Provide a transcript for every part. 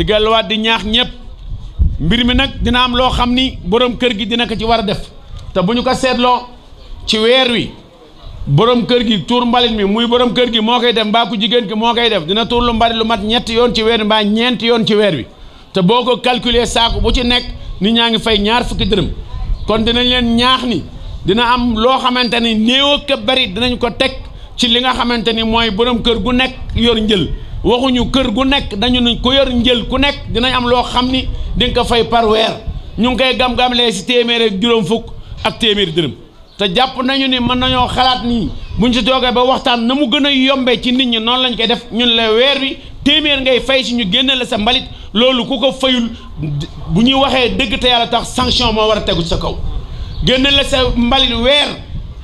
di delluwaat di ñaax ñëpp mbir mi nag dina am loo xam ni borom kër gi dina ko ci war a def te bu ñu ko seetloo ci weer wi borom kër gi tuur mbalit mi muy borom kër gi moo koy def mbaa ku jigéen ki moo koy def dina tuur lu lu mat ñetti yoon ci weer wi mbaa ñeenti yoon ci weer wi te boo ko calculer saako bu ci nekk ni ñaa ngi fay ñaar fukki dërëm kon dinañ leen ñaax ni dina am loo xamante ni néew ak bari dinañ ko teg ci li nga xamante ni mooy borom kër gu nekk yor njël. waxuñu kër gu nekk dañu ne ku yor njël ku nekk dinañ am loo xam ni di ko fay par weer ñu ngi koy gam-gamlee si téeméer ak juróom fukk ak téeméeri dërëm te jàpp nañu ni mën nañoo xalaat nii buñ si toogee ba waxtaan na mu gën a yombee ci nit ñi noonu lañ koy def ñun la weer bi téeméer ngay fay si ñu génne la sa mbalit loolu ku ko fayul bu ñuy waxee dëgg te yàlla tax sanction moo war a tegu sa kaw génne la sa mbalit weer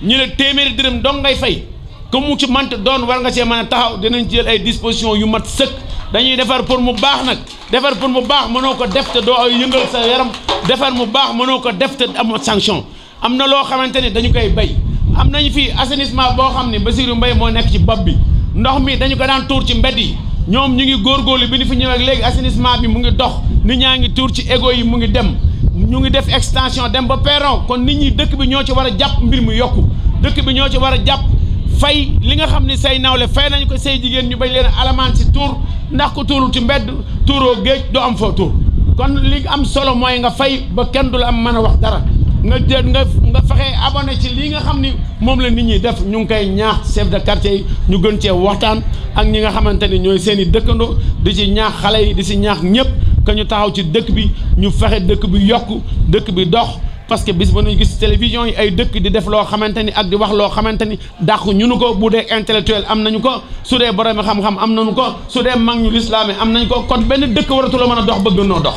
ñu ne téeméeri dërëm dong fay. comme mu ci mante doon war nga cee a taxaw dinañ jël ay disposition yu mat sëkk dañuy defar pour mu baax nag defar pour mu baax mënoo ko def te doo ay yëngal sa yaram defar mu baax mënoo ko defte te amoo sanction am na loo xamante ni dañu koy bay am nañu fii assainissement boo xam ne ba Basirou mbay moo nekk ci bopp bi ndox mi dañu ko daan tuur ci mbedd yi ñoom ñu ngi góor góorgóorlu bi ni fi ñëwee ak léegi assainissement bi mu ngi dox nit ñaa ngi tuur ci égo yi mu ngi dem ñu ngi def extension dem ba perron kon nit ñi dëkk bi ñoo ci war a jàpp mbir mu yokku dëkk bi ñoo ci war a jàpp fay li nga xam ni say nawle fay nañ ko say jigéen ñu bañ leen alamaan si tuur ndax ku tuuru ci mbedd tuuroo géej du am foo tuur kon li am solo mooy nga fay ba kenn du la am mën a wax dara nga jël nga nga fexe abonné ci lii nga xam ni moom la nit ñi def ñu ngi koy ñaax chef de quartier yi ñu gën cee waxtaan ak ñi nga xamante ni ñooy seen i dëkkandoo di ci ñaax xale yi di ci ñaax ñëpp que ñu taxaw ci dëkk bi ñu fexe dëkk bi yokk dëkk bi dox parce que bis ba nuy gis télévision yi ay dëkk di def loo xamante ni ak di wax loo xamante ni dàq ñu nu ko bu dee intellectuel am nañu ko su dee boroomi xam-xam am na nañu ko su dee mag ñu lislaam am nañu ko kon benn dëkk waratu la mën a dox bëgg noo dox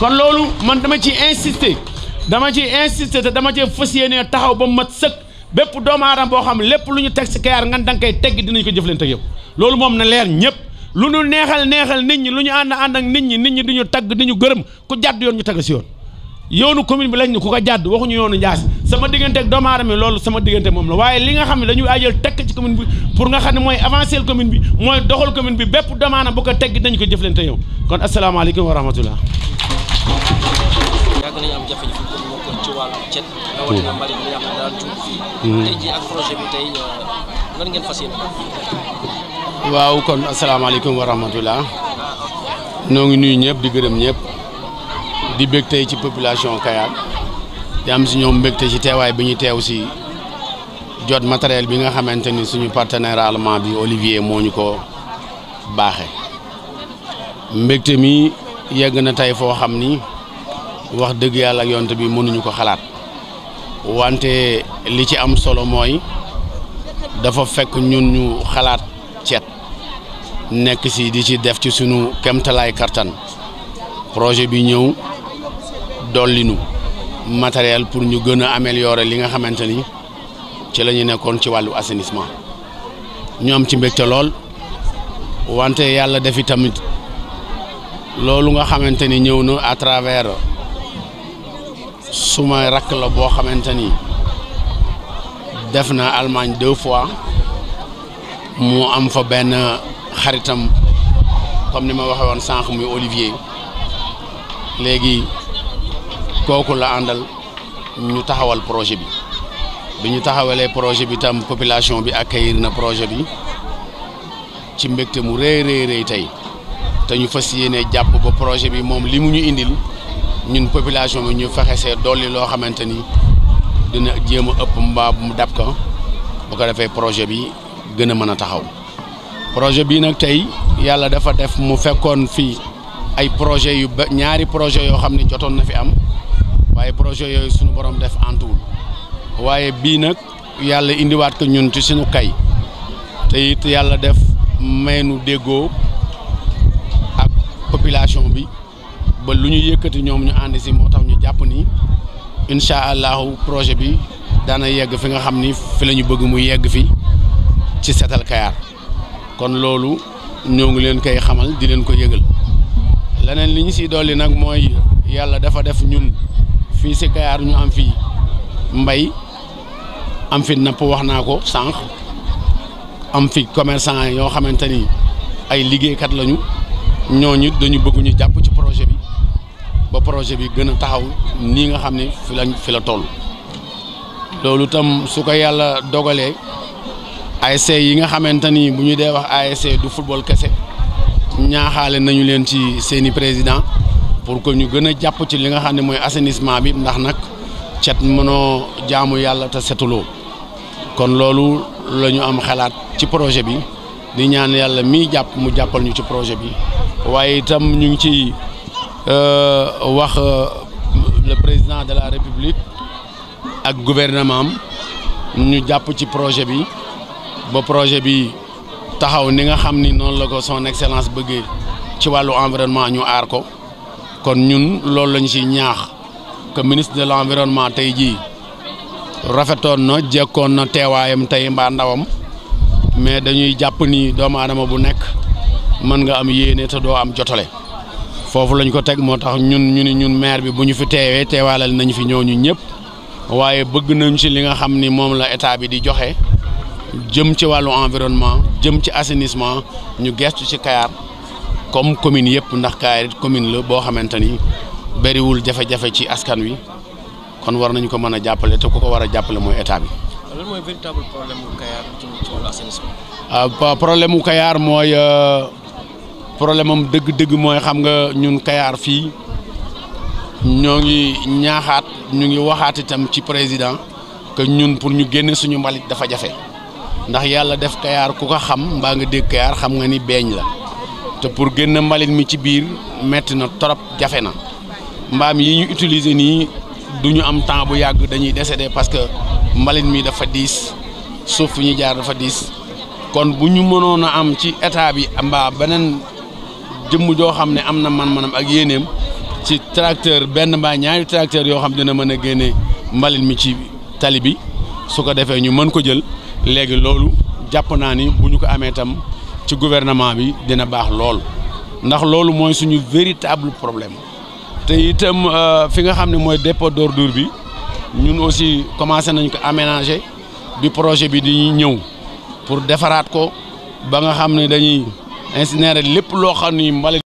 kon loolu man dama ci insister dama ci insister te dama ci fas yéenee taxaw ba mu mat sëkk bépp doomu aadama boo xam lépp lu ñu teg si kayaar ngan da koy tegg dinañ ko jëflante yow loolu moom na leer ñëpp lu ñu neexal neexal nit ñi lu ñu ànd ànd ak nit ñi nit ñi du tagg di gërëm ku jàdd yoon ñu tagg si yoon yoonu commune bi lañ ne ko jàdd waxuñu yoonu Ndiass sama diggante ak doomu aadama loolu sama diggante moom la waaye li nga xam ne dañu ajal tekk ci commune bi pour nga xam ne mooy avancer commune bi mooy doxal commune bi bépp damaana bu ko tegg dañ ko jëflante yow kon asalaamaaleykum wa rahmatullah yàgg nañu am ko ci wàllu hmm. hmm. euh, kon asalaamaaleykum wa rahmatullah noo ngi nuyu ñëpp di gërëm ñëpp di bég tey ci population Kayar di am si ñoom mbégte ci teewaay bi ñu teew si jot matériel bi nga xamante ni suñu partenaire allemand bi Olivier moo ñu ko baaxe mbégte mi yegg na tey foo xam ni wax dëgg yàlla ak yonte bi mënuñu ko xalaat wante li ci am solo mooy dafa fekk ñun ñu xalaat ceet nekk si di ci def ci suñu kemtalaay kartan projet bi ñëw dollinu matériel pour ñu gën a améliorer li nga xamante ni ci la ñu nekkoon ci wàllu assainissement ñoom ci mbégte lool wante yàlla defi tamit loolu nga xamante ni ñëw na à travers suma rakk la boo xamante ni def na Allemagne deux fois mu am fa benn xaritam comme ni ma waxee woon sànq muy Olivier léegi. kooku la àndal ñu taxawal projet bi bi ñu taxawalee projet bi tam population bi ak accueillir na projet bi ci mbégte mu rëy rëy rëy tey te ñu fas yéene jàpp ba projet bi moom li mu ñu indil ñun population bi ñu fexe see dolli loo xamante ni dina jéem a ëpp mbaa mu dab ko bu ko defee projet bi gën a mën a taxaw projet bi nag tey yàlla dafa def mu fekkoon fii ay projet yu ba ñaari projet yoo xam ne jotoon na fi am waaye projet yooyu sunu borom def antuwul waaye bii nag yàlla indiwaat ko ñun ci suñu kay te it yàlla def may nu déggoo ak population bi ba lu ñu yëkkati ñoom ñu ànd si moo tax ñu jàpp ni incha allahu projet bi daana yegg fi nga xam ni fi la ñu bëgg mu yegg fi ci setal Kayar kon loolu ñoo ngi leen koy xamal di leen ko yëgal leneen li ñu si dolli nag mooy yàlla dafa def ñun. fii si Kayar ñu am fii mbay am fi napp wax naa ko sànq am fi commerçant yoo xamante ni ay liggéeykat lañu ñooñu dañu bëgguñu jàpp ci projet bi ba projet bi gën a taxaw nii nga xam ne fi lañ fi la tool loolu tam su ko yàlla dogalee ay ASC yi nga xamante ni bu ñu dee wax ASC du football kese ñaaxale nañu leen ci seeni président pour que ñu gën a jàpp ci li nga xam ne mooy assainissement bi ndax nag cet mënoo jaamu yàlla te setuloo kon loolu lañu am xalaat ci projet bi di ñaan yàlla mi jàpp mu jàppal ñu ci projet bi waaye itam ñu ngi ci euh, wax euh, le président de la république ak gouvernement am ñu jàpp ci projet bi ba projet bi taxaw ni nga xam ni noonu la ko son excellence bëggee ci wàllu environnement ñu aar ko kon ñun loolu lañu ci ñaax que ministre de l'environnement tey jii rafetoon na jekkoon na teewaayam tey mbaa ndawam mais dañuy jàpp ni doomu aadama bu nekk mën nga am yéene te doo am jotale foofu lañ ko teg moo tax ñun ñu ni ñun maire bi bu ñu fi teewee teewaalal nañu fi ñooñu ñëpp waaye bëgg nañu ci li nga xam ni moom la état bi di joxe jëm ci wàllu environnement jëm ci assainissement ñu gestu ci kayaar comme commune yëpp ndax Kaayarit commune la boo xamante ni bëriwul jafe-jafe ci askan wi kon war nañu ko mën a jàppale te ku ko war a jàppale mooy état bi. lan mooy problème mu Kayar ci wàllu ah, problème mu mooy euh, problème dëgg-dëgg mooy xam nga ñun kayaar fii ñoo ngi ñaaxaat ñu ngi waxaat itam ci président que ñun pour ñu génne suñu mbalit dafa jafe ndax yàlla def kayaar ku ko xam mbaa nga dégg Kayar xam nga ni beeñ la. te pour génn mbalit mi ci biir metti na trop jafe na mbaam yi ñu utiliser nii duñu am temps bu yàgg dañuy décédé parce que mbalit mi dafa diis suuf fu ñuy jaar dafa diis kon bu ñu mënoon a am ci état bi mbaa beneen jëmm joo xam ne am na man-manam ak yéeneem ci tracteur benn mbaa ñaari tracteur yoo xam dina mën a génne mbalit mi ci tali bi su ko defee ñu mën ko jël léegi loolu jàpp naa ni bu ñu ko amee tam ci gouvernement bi dina baax lool ndax loolu mooy suñu véritable problème te itam euh, fi nga xam ne mooy dépôt d'ordure bi ñun aussi commencé nañ ko aménager di projet bi di ñëw pour defaraat ko ba nga xam ni dañuy incinérer lépp loo xam ni mbalit